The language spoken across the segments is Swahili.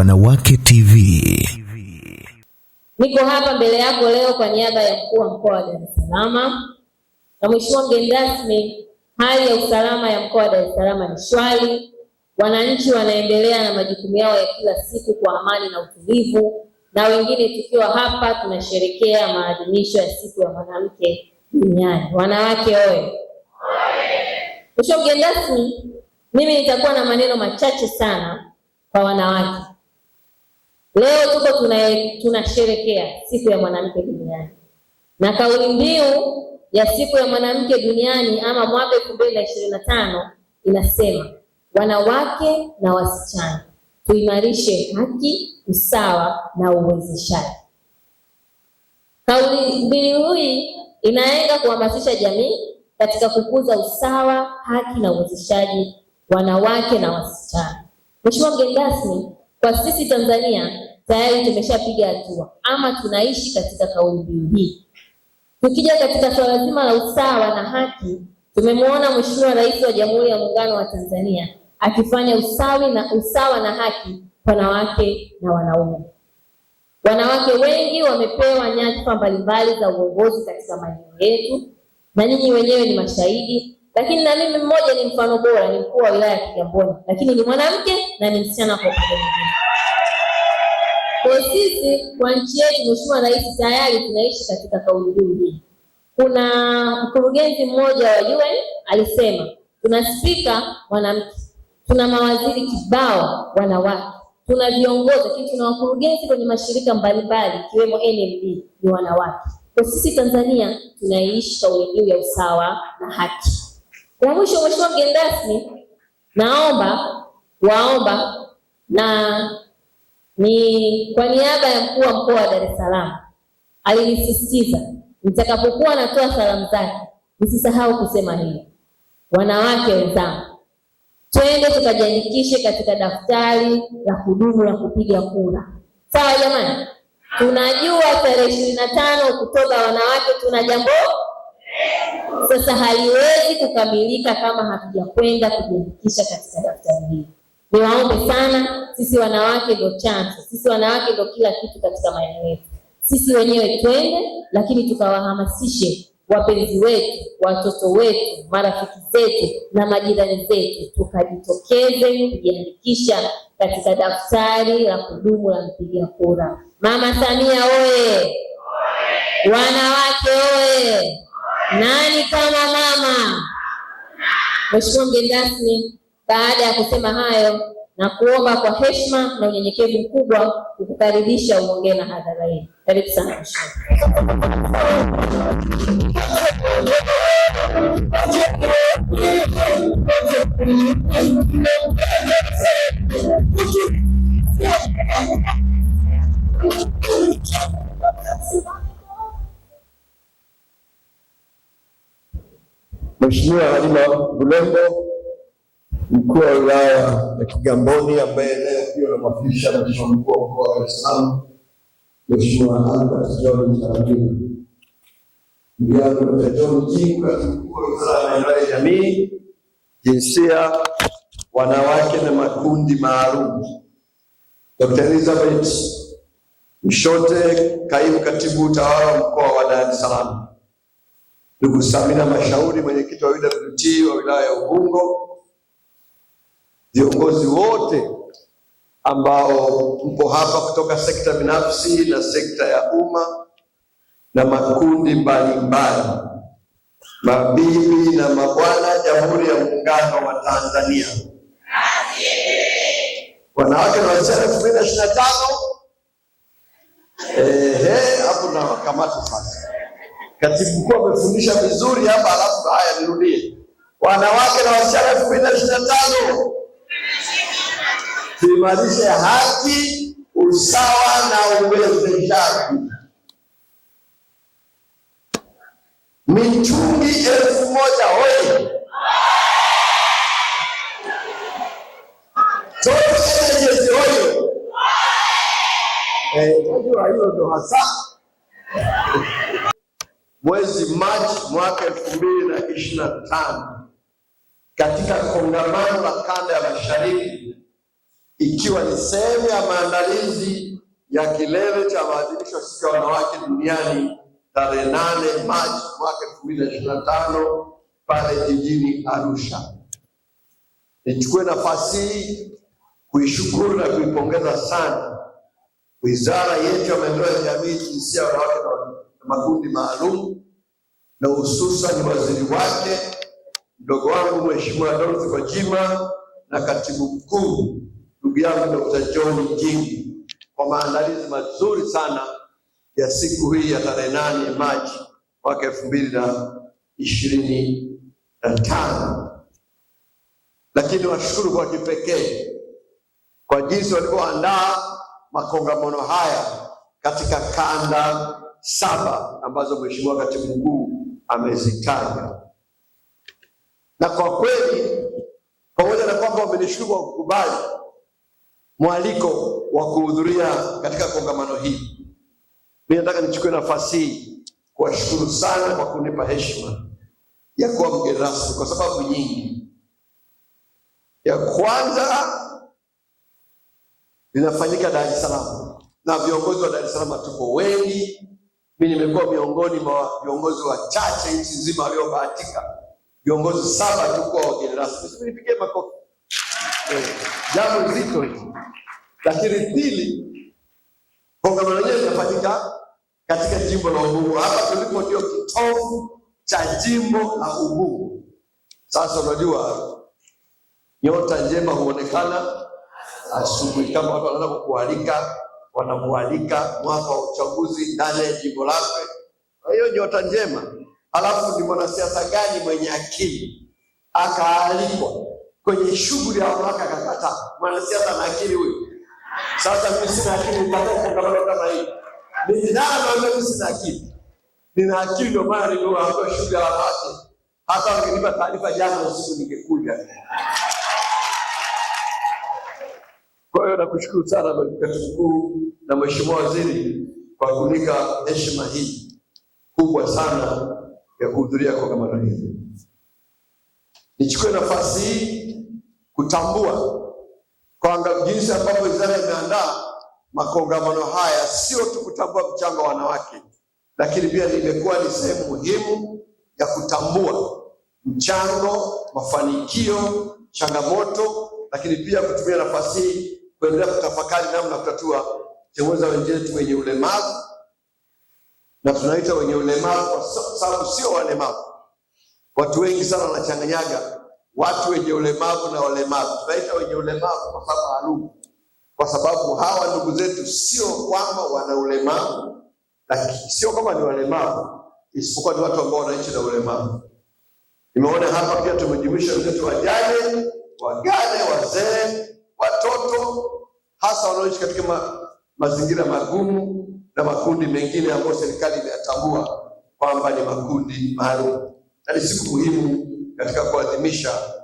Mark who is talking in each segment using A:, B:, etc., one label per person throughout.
A: Wanawake TV. Niko hapa mbele yako leo kwa niaba ya mkuu wa mkoa wa Dar es Salaam na mheshimiwa mgeni rasmi, hali ya usalama ya mkoa wa Dar es Salaam ni shwari, wananchi wanaendelea na majukumu yao ya kila siku kwa amani na utulivu, na wengine tukiwa hapa tunasherekea maadhimisho ya siku ya mwanamke duniani. Wanawake oye! Mheshimiwa mgeni rasmi, mimi nitakuwa na maneno machache sana kwa wanawake Leo tuko tunasherekea tuna siku ya mwanamke duniani, na kauli mbiu ya siku ya mwanamke duniani ama mwaka elfu mbili na ishirini na tano inasema wanawake na wasichana tuimarishe haki, usawa na uwezeshaji. Kauli mbiu hii inaenga kuhamasisha jamii katika kukuza usawa, haki na uwezeshaji wanawake na wasichana. Mheshimiwa mgeni rasmi, kwa sisi Tanzania tayari tumeshapiga hatua ama tunaishi katika kauli mbiu hii. Tukija katika swala zima la usawa na haki, tumemwona Mheshimiwa Rais wa Jamhuri ya Muungano wa Tanzania akifanya usawi na usawa na haki kwa wanawake na wanaume. Wanawake wengi wamepewa nyadhifa mbalimbali za uongozi katika maeneo yetu, na nyinyi wenyewe ni mashahidi. Lakini na mimi mmoja ni mfano bora, ni mkuu wa wilaya ya Kigamboni, lakini ni mwanamke na ni msichana kwa upande mwingine. Kwa sisi kwa nchi yetu, Mheshimiwa Rais, tayari tunaishi katika kauli mbiu hii. Kuna mkurugenzi mmoja wa UN alisema tuna spika mwanamke, tuna mawaziri kibao wanawake, tuna viongozi lakini tuna wakurugenzi kwenye mashirika mbalimbali ikiwemo NMB ni wanawake. Kwa sisi Tanzania tunaishi kauli mbiu ya usawa na haki. La mwisho, Mheshimiwa mgeni rasmi, naomba waomba na ni kwa niaba ya mkuu wa mkoa wa Dar es Salaam, alinisisitiza nitakapokuwa natoa salamu zake nisisahau kusema hili: wanawake wenzangu, twende tukajiandikishe katika daftari la kudumu la kupiga kura. Sawa jamani, tunajua tarehe ishirini na tano Oktoba wanawake tuna jambo sasa, haliwezi kukamilika kama hatujakwenda kujiandikisha katika daftari hili. Niwaombe sana, sisi wanawake ndio chanzo, sisi wanawake ndio kila kitu katika maeneo yetu. Sisi wenyewe twende, lakini tukawahamasishe wapenzi wetu, watoto wetu, marafiki zetu na majirani zetu, tukajitokeze kujiandikisha katika daftari la kudumu la mpiga kura. Mama Samia oye! Wanawake oye! Nani kama mama? Mheshimiwa mgeni rasmi baada ya kusema hayo, na kuomba kwa heshima na unyenyekevu mkubwa kukukaribisha uongee na hadhara hii. Karibu sana.
B: Mheshimiwa Halima Bulongo mkuu wa wilaya ya Kigamboni ambaye leo pia anamwakilisha mheshimiwa mkuu wa mkoa wa Dar es Salaam, Mheshimiwa Albert John Taratibu, ndugu yangu John Jingu, katibu mkuu wa wizara ya maendeleo ya jamii, jinsia, wanawake na makundi maalum, Dr. Elizabeth Mshote, kaimu katibu utawala wa mkoa wa Dar es Salaam, ndugu Samina Mashauri, mwenyekiti wa UWT wa wilaya ya Ubungo Viongozi wote ambao mpo hapa kutoka sekta binafsi na sekta ya umma na makundi mbalimbali, mabibi na mabwana, Jamhuri ya Muungano wa Tanzania, wanawake na wasichana elfu mbili na ishirini na tano. Ehe, hapo na wakamata sasa. Katibu mkuu amefundisha vizuri hapa, alafu haya nirudie, wanawake na wasichana elfu mbili na ishirini na tano tuimarishe haki, usawa na uwezeshaji. Michungi elfu moja hoye toeejezi hoyo. hiyo ndo hasa mwezi Machi mwaka elfu mbili na ishirini na tano katika kongamano la kanda ya mashariki ikiwa ni sehemu ya maandalizi ya kilele cha maadhimisho ya siku ya wanawake duniani tarehe nane Machi mwaka tano pale jijini Arusha. Nichukue nafasi hii kuishukuru na kuipongeza sana wizara yetu ya maendeleo ya jamii, jinsia, wanawake na makundi maalum na hususan waziri wake mdogo wangu Mheshimiwa Dorothy Gwajima na katibu mkuu ndugu yangu Dr. John Jingi kwa maandalizi mazuri sana ya siku hii ya tarehe nane Machi mwaka elfu mbili na ishirini na tano. Lakini washukuru kwa kipekee kwa jinsi walivyoandaa makongamano haya katika kanda saba ambazo Mheshimiwa Katibu Mkuu amezitaja, na kwa kweli pamoja na kwamba wamenishukuru kwa kukubali mwaliko wa kuhudhuria katika kongamano hili. Mimi nataka nichukue nafasi hii kuwashukuru sana kwa kunipa heshima ya kuwa mgeni rasmi kwa sababu nyingi. Ya kwanza, linafanyika Dar es Salaam na viongozi wa Dar es Salaam tupo wengi. Mimi nimekuwa miongoni mwa viongozi wachache nchi nzima waliobahatika, viongozi saba tu kuwa wageni rasmi. Nipigie makofi jambo zito hili. Lakini pili, kongamano lenyewe linafanyika katika jimbo la Ubungo. Hapa tulipo ndio kitovu cha jimbo la Ubungo. Sasa unajua nyota njema huonekana asubuhi. Kama watu wanaanza kukualika, wanamualika mwaka wa uchaguzi ndani ya jimbo lake, kwa hiyo nyota njema. Alafu ni mwanasiasa gani mwenye akili akaalikwa kwenye shughuli ya mamlaka akakataa. Mwanasiasa na akili huyu. Sasa mimi sina akili, nitatoka kongamano kama hii. Ni dhana ambayo mimi sina akili. Nina akili ndio maana niliwaambia shughuli ya wanawake. Hata wangenipa taarifa jana usiku ningekuja. Kwa hiyo nakushukuru sana Katibu Mkuu na Mheshimiwa Waziri kwa kunika heshima hii kubwa sana ya kuhudhuria kwa kongamano hili. Nichukue nafasi hii kutambua kwamba jinsi ambavyo wizara imeandaa makongamano haya, sio tu kutambua mchango wa wanawake, lakini pia limekuwa ni sehemu muhimu ya kutambua mchango, mafanikio, changamoto, lakini pia kutumia nafasi hii kuendelea kutafakari namna kutatua tengeza wenzetu wenye ulemavu, na tunaita wenye ulemavu kwa sababu sio walemavu. Watu wengi sana wanachanganyaga watu wenye ulemavu na walemavu. Tunaita wenye ulemavu kwa sababu maalum, kwa sababu hawa ndugu zetu sio kwamba wana ulemavu, lakini sio kama ni walemavu, isipokuwa ni watu ambao wanaishi na ulemavu. Nimeona hapa pia tumejumuisha watoto wajane, wagane, wazee, watoto, hasa wanaoishi katika ma, mazingira magumu na makundi mengine ambayo serikali imeyatambua kwamba ni makundi maalum, na ni siku muhimu katika kuadhimisha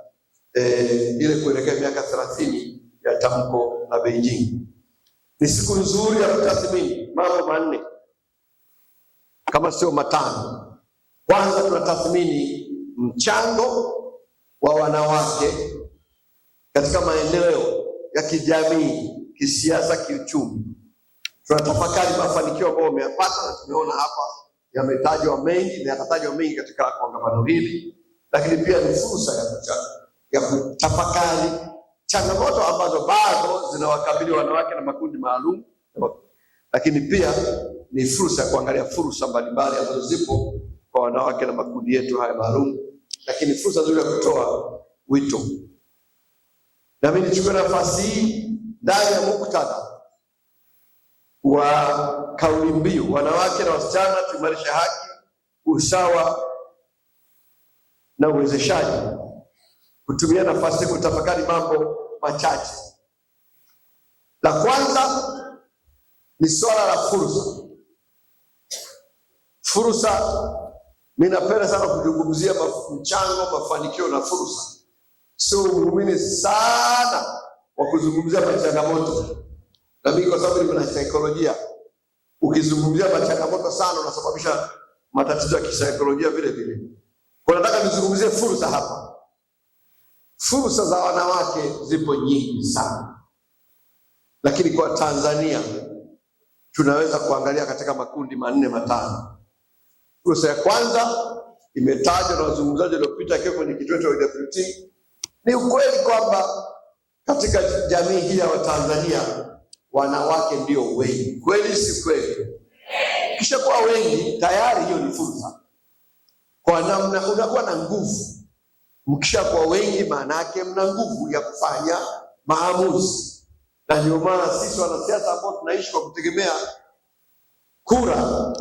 B: eh, ile kuelekea miaka thelathini ya tamko la Beijing. Ni siku nzuri ya kutathmini mambo manne kama sio matano. Kwanza tunatathmini mchango wa wanawake katika maendeleo ya kijamii, kisiasa, kiuchumi. Tunatafakari mafanikio ambayo wameyapata na tumeona hapa yametajwa mengi na yatatajwa mengi katika kongamano hili lakini pia ni fursa ya kutafakari changamoto ambazo bado zinawakabili wanawake na makundi maalum, lakini pia ni fursa ya kuangalia fursa mbalimbali ambazo zipo kwa wanawake na makundi yetu haya maalum, lakini fursa nzuri ya kutoa wito. mimi nichukue nafasi hii ndani ya muktadha wa kauli mbiu wanawake na wasichana tuimarishe haki, usawa na uwezeshaji, kutumia nafasi kutafakari mambo machache. La kwanza ni swala la fursa. Fursa, napenda sana kuzungumzia mchango, mafanikio na fursa. Sio muumini sana wa kuzungumzia machangamoto, na mimi kwa sababu nina saikolojia, ukizungumzia machangamoto sana unasababisha matatizo ya kisaikolojia vile vile. Nataka nizungumzie fursa hapa. Fursa za wanawake zipo nyingi sana, lakini kwa Tanzania tunaweza kuangalia katika makundi manne matano. Fursa ya kwanza imetajwa na wazungumzaji waliopita, akiwa kwenye kituo cha WWT. Ni ukweli kwamba katika jamii hii ya Watanzania wanawake ndio wengi, kweli si kweli? Kisha kuwa wengi tayari, hiyo ni fursa kwa namna, unakuwa na nguvu. Mkishakuwa wengi, maana yake mna nguvu ya kufanya maamuzi, na ndio maana sisi wanasiasa ambao tunaishi kwa kutegemea kura,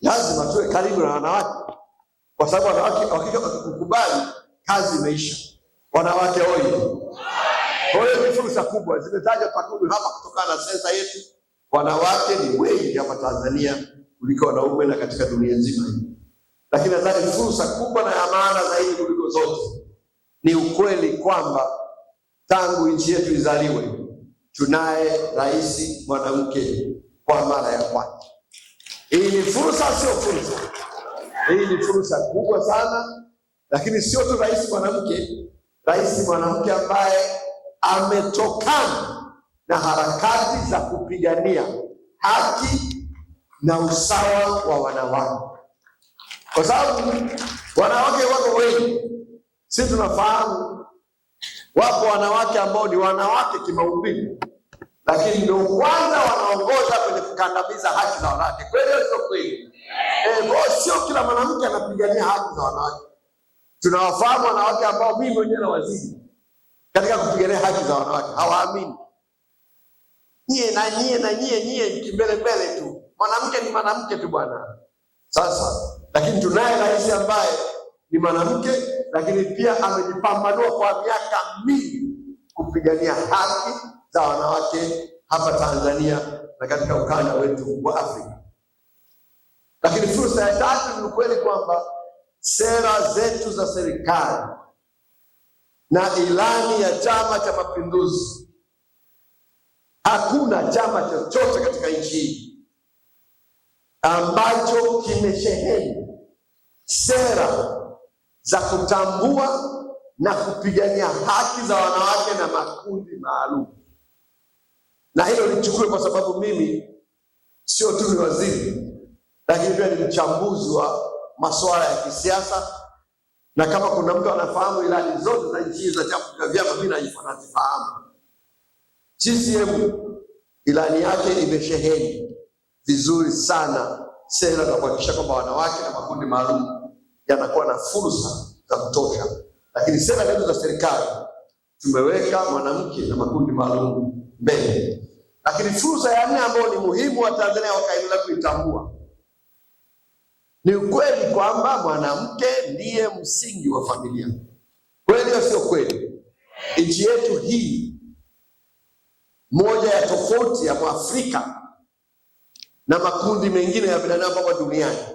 B: lazima tuwe karibu na wanawake, kwa sababu wanawake wakija wakikukubali, kazi imeisha. Wanawake oye! Kwa hiyo ni fursa kubwa, zimetajwa takwimu hapa kutokana na sensa yetu. Wanawake ni wengi hapa Tanzania kuliko wanaume na katika dunia nzima hii. Lakini nadhani fursa kubwa na ya maana zaidi kuliko zote ni ukweli kwamba tangu nchi yetu izaliwe tunaye rais mwanamke kwa mara ya kwanza. Hii ni fursa, sio fursa, hii ni fursa kubwa sana. Lakini sio tu rais mwanamke, rais mwanamke ambaye ametokana na harakati za kupigania haki na usawa wa wanawake kwa sababu wanawake wako wengi. si tunafahamu wapo wanawake ambao ni wanawake kimaumbili, lakini ndio kwanza wanaongoza kwenye kukandamiza haki za wanawake. Kweli sio kweli? Eh, sio kila mwanamke anapigania haki za wanawake. Tunawafahamu wanawake ambao mimi mwenyewe nawazidi katika kupigania haki za wanawake, hawaamini nyie na nyie na nyie nyie, kimbelembele tu, mwanamke ni mwanamke tu bwana. Sasa lakini tunaye rais ambaye ni mwanamke, lakini pia amejipambanua kwa miaka mingi kupigania haki za wanawake hapa Tanzania na katika ukanda wetu wa Afrika. Lakini fursa ya tatu ni ukweli kwamba sera zetu za serikali na ilani ya Chama cha Mapinduzi, hakuna chama chochote katika nchi hii ambacho kimesheheni sera za kutambua na kupigania haki za wanawake na makundi maalum. Na hilo nichukue kwa sababu mimi sio tu ni waziri, lakini pia ni mchambuzi wa masuala ya kisiasa, na kama kuna mtu anafahamu ilani zote za nchi za chama cha vyama, mimi nazifahamu. CCM ilani yake imesheheni vizuri sana sera za kuhakikisha kwamba wanawake na makundi maalum yanakuwa na fursa za kutosha. Lakini sera zetu za serikali tumeweka mwanamke na makundi maalum mbele. Lakini fursa ya nne ambayo ni muhimu wa Tanzania wakaendelea kuitambua ni ukweli kwamba mwanamke ndiye msingi wa familia. Kweli au sio kweli? Nchi yetu hii, moja ya tofauti ya Mwafrika na makundi mengine ya binadamu hapa duniani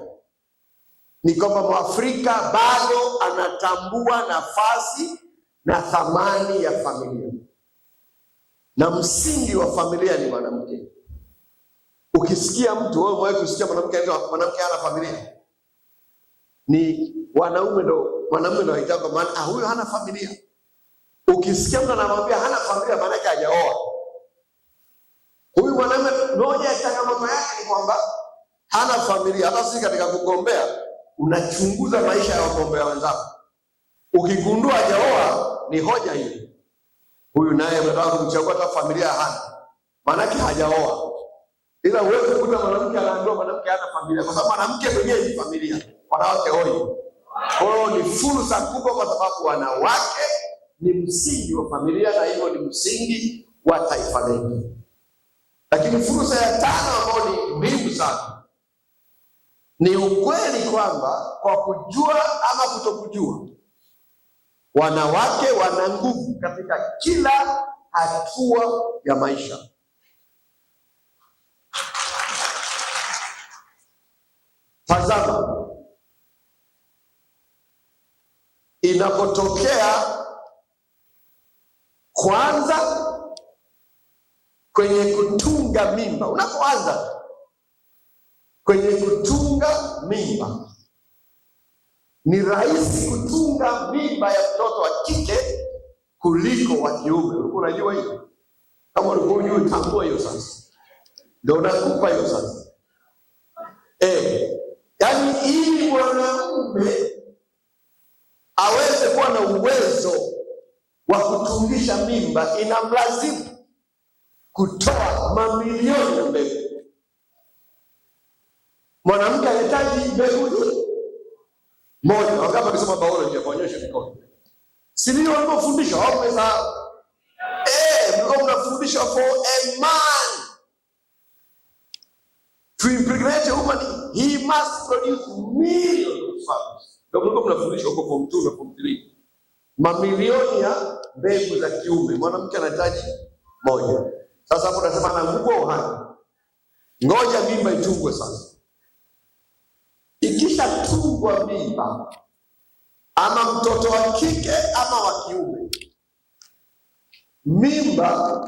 B: ni kwamba Mwafrika bado anatambua nafasi na thamani ya familia, na msingi wa familia ni mwanamke. Ukisikia mtu wewe, umewahi kusikia mwanamke anaitwa mwanamke hana familia? Ni wanaume ndo mwanaume ndo aitako, maana huyo hana familia. Ukisikia mtu anamwambia hana familia, yake hajaoa Huyu mwanaume, moja ya changamoto yake ni kwamba hana familia. Hata sisi katika kugombea unachunguza maisha ya wagombea wenzako, ukigundua hajaoa ni hoja hiyo, huyu naye anataka kumchagua, hata familia hana, maanake hajaoa. Ila huwezi kukuta mwanamke anaambiwa mwanamke hana familia, kwa sababu mwanamke mwenyewe ni familia, wanawake hoi. Kwa hiyo ni fursa kubwa, kwa sababu wanawake ni msingi wa familia na hivyo ni msingi wa taifa letu. Lakini fursa ya tano ambayo ni muhimu sana ni ukweli kwamba kwa kujua ama kutokujua, wanawake wana nguvu katika kila hatua ya maisha. Tazama inapotokea kwanza kwenye kutunga mimba, unapoanza kwenye kutunga mimba, ni rahisi kutunga mimba ya mtoto wa kike kuliko wa kiume. Ulikuwa unajua hiyo? Kama ulikuwa unajua, tambua hiyo sasa, ndio unakupa hiyo sasa. Eh, Yani, ili mwanaume aweze kuwa na uwezo wa kutungisha mimba, inamlazimu kutoa mamilioni ya mbegu. Mwanamke anahitaji mbegu hii moja. Wangapi wamesoma biology? kuonyesha mikono. Si ninyi walivyofundishwa? au wamesahau. Eh, mlikuwa mnafundishwa for a man to impregnate a woman he must produce millions of sperms. Ndio mlikuwa mnafundishwa huko form 2 na form 3. Mamilioni ya mbegu za kiume. Mwanamke anahitaji moja. Sasa hapo nasema anaanguka uhai, ngoja mimba itungwe sasa. tungwa mimba, ama mtoto wa kike ama wa kiume, mimba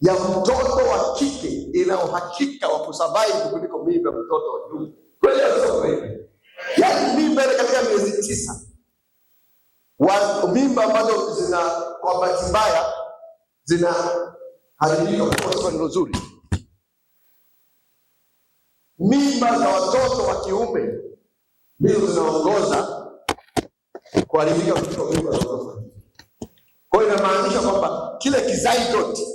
B: ya mtoto wa kike ina uhakika wa kusurvive kuliko mimba ya mtoto wa kiume. Kweli, yaani mimba ile katika miezi tisa wa mimba ambazo zina kwa bahati mbaya zina haribika neno zuri. Mimba za watoto wa kiume ndizo zinaongoza kuharibika kwa mimba za watoto Kwa hiyo inamaanisha kwamba kile kizaigoti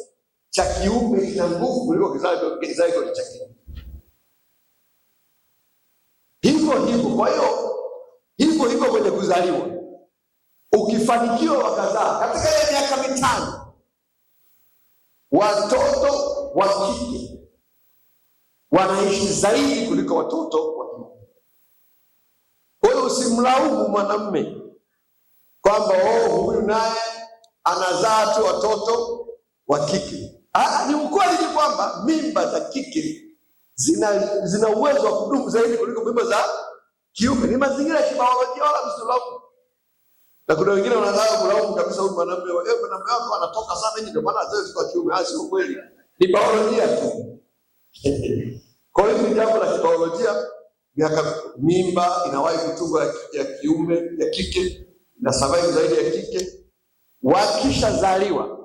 B: cha kiume kina nguvu kuliko kizaigoti cha kiume. Hivyo hivyo, kwa hiyo hivyo hivyo kwenye kuzaliwa, ukifanikiwa kadhaa katika ile miaka mitano watoto wa kike wanaishi zaidi kuliko watoto wa kiume. Kwa hiyo usimlaumu mwanamme kwamba oh, huyu naye anazaa tu watoto wa kike. Ah, ni ukweli ni kwamba mimba za kike zina zina uwezo wa kudumu zaidi kuliko mimba za kiume, ni mazingira ya kibiolojia, wala msilaumu. Na kuna wengine wanataka kulaumu kabisa huyu mwanamume wewe eh, mwanamume wako anatoka sana hivi ndio maana haziwezi kwa kiume. Ah, sio kweli. Ni biolojia tu. Kwa hiyo ni jambo la biolojia, miaka mimba inawahi kutungwa ya kiume, ya kike na sababu zaidi ya kike. Wakishazaliwa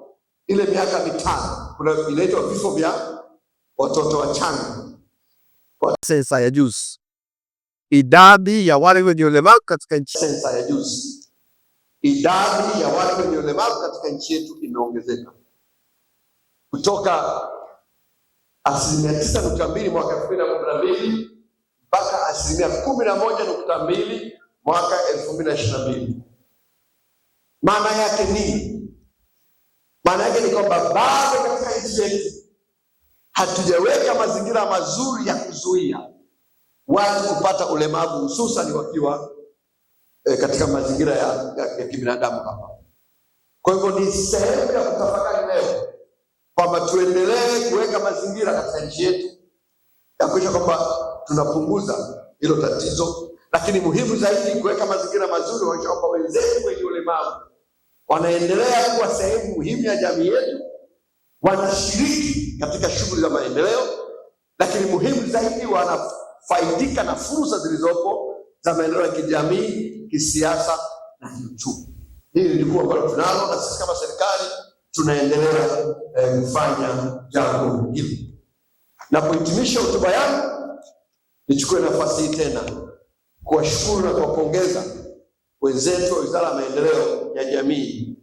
B: ile miaka mitano kuna inaitwa vifo vya watoto wachanga. Kwa sensa ya juzi, idadi ya wale wenye ulemavu katika nchi, sensa ya juzi idadi ya watu wenye ulemavu katika nchi yetu imeongezeka kutoka asilimia tisa nukta mbili mwaka elfu mbili na kumi na mbili mpaka asilimia kumi na moja nukta mbili mwaka elfu mbili na ishirini na mbili Maana yake ni Maana yake ni kwamba bado katika nchi yetu hatujaweka mazingira mazuri ya kuzuia watu kupata ulemavu hususan wakiwa eh, katika mazingira ya, ya, ya kibinadamu hapa. Kwa hivyo ni sehemu ya kutafakari leo kwamba tuendelee kuweka mazingira katika nchi yetu ya kuisha kwamba tunapunguza hilo tatizo, lakini muhimu zaidi kuweka mazingira mazuri kuhakikisha kwamba wenzetu wenye ulemavu wanaendelea kuwa sehemu muhimu ya jamii yetu, wanashiriki katika shughuli za maendeleo, lakini muhimu zaidi wanafaidika na fursa zilizopo za maendeleo ya kijamii, kisiasa na kiuchumi. Hili lilikuwa ambalo tunalo na sisi kama serikali tunaendelea eh, kufanya jambo hili. Na kuhitimisha hotuba yangu, nichukue nafasi hii tena kuwashukuru na kuwapongeza wenzetu wa Wizara ya Maendeleo ya Jamii,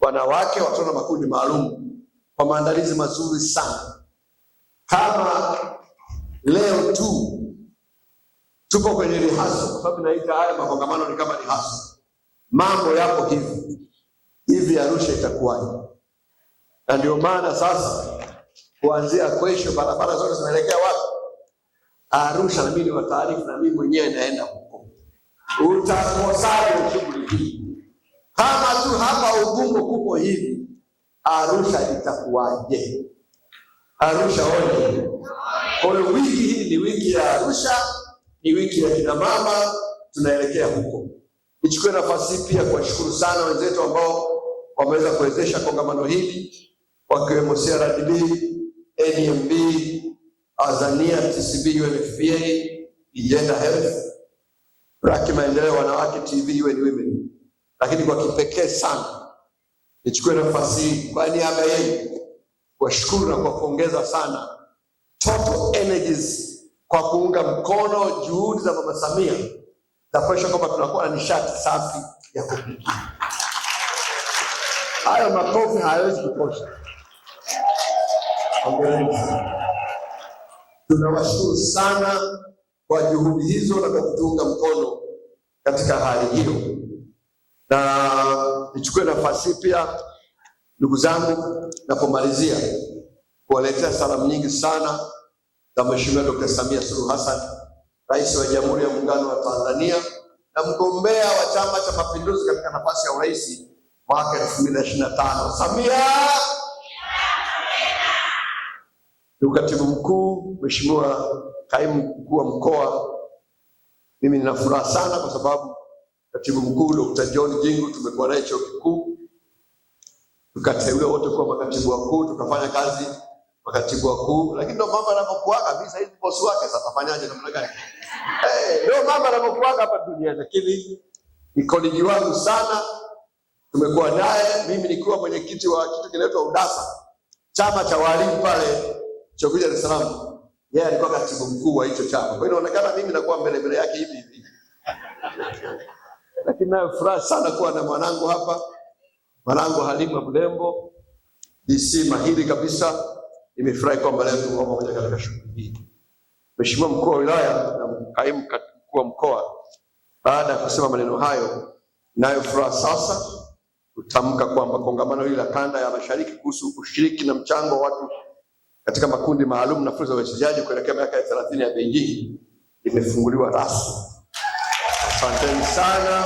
B: wanawake, watoto na makundi maalum kwa maandalizi mazuri sana. Kama leo tu tupo kwenye rihasa, kwa sababu naita haya makongamano ni kama rihasa. Mambo yapo hivi hivi, Arusha itakuwaje? Na ndio maana sasa kuanzia kesho barabara zote zinaelekea wapi? Arusha. Nami ni wataarifu, na mimi mwenyewe naenda huko. Utakosaje shughuli hii kama tu hapa Ubungo kuko hivi? Arusha itakuwaje? Arusha oye! Kwa hiyo wiki hii ni wiki ya Arusha ni wiki ya kina mama, tunaelekea huko. Nichukue nafasi hii pia kuwashukuru sana wenzetu ambao wameweza kuwezesha kongamano hili wakiwemo CRDB, NMB, e Azania, TCB, UNFPA, Agenda Health, Raki Maendeleo, Wanawake TV, UN Women. Lakini kwa kipekee sana nichukue nafasi hii kwa niaba yenu kuwashukuru na kuwapongeza sana Total Energies kwa kuunga mkono juhudi za Mama Samia za kuhakikisha kwamba tunakuwa na nishati safi ya kupikia. Hayo makofi hayawezi kutosha. tunawashukuru sana kwa juhudi hizo na kwa kutuunga mkono katika hali hiyo. Na nichukue nafasi pia, ndugu zangu, napomalizia kuwaletea salamu nyingi sana za Mheshimiwa Dr. Samia Suluhu Hassan, Rais wa Jamhuri ya Muungano wa Tanzania na mgombea wa Chama cha Mapinduzi katika nafasi ya urais mwaka 2025. Samia! Ndugu Katibu Mkuu, Mheshimiwa Kaimu Mkuu wa Mkoa, mimi nina furaha sana kwa sababu Katibu Mkuu Dr. John Jingu tumekuwa naye chuo kikuu, tukateuliwa wote kuwa makatibu wakuu, tukafanya kazi makatibu wakuu, lakini ndo mambo yanavyokuaga. Mimi saizi niko bosi wake, sasa tafanyaje? Namna gani? Eh, ndio mambo yanavyokuaga hapa duniani, lakini ikoliji wangu sana tumekuwa naye, mimi nikiwa mwenyekiti wa kitu kinaitwa UDASA, chama cha walimu pale chuo kikuu Dar es Salaam. Yeye yeah, alikuwa katibu mkuu wa hicho chama, kwa hiyo inaonekana mimi nakuwa mbele mbele yake hivi hivi lakini nayo furaha sana kuwa na mwanangu hapa, mwanangu Halima Mlembo DC mahiri kabisa Nimefurahi kwamba leo tuko pamoja katika shughuli hii. Mheshimiwa mkuu wa wilaya na kaimu mkuu wa mkoa, baada ya kusema maneno hayo, nayo furaha sasa kutamka kwamba kongamano hili la kanda ya mashariki kuhusu ushiriki na mchango wa watu katika makundi maalum na fursa za uwekezaji kuelekea miaka ya thelathini ya Beijing imefunguliwa rasmi. Asanteni sana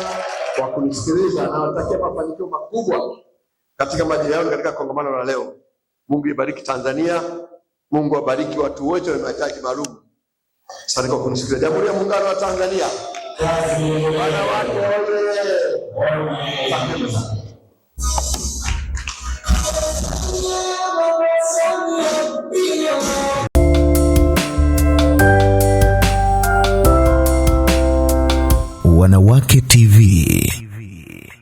B: kwa kunisikiliza, nawatakia mafanikio makubwa katika majira yao katika kongamano la leo. Mungu ibariki Tanzania, Mungu abariki watu wote wenye mahitaji maalum. Asante kwa kunisikiliza. Jamhuri ya Muungano wa Tanzania. Wanawake TV.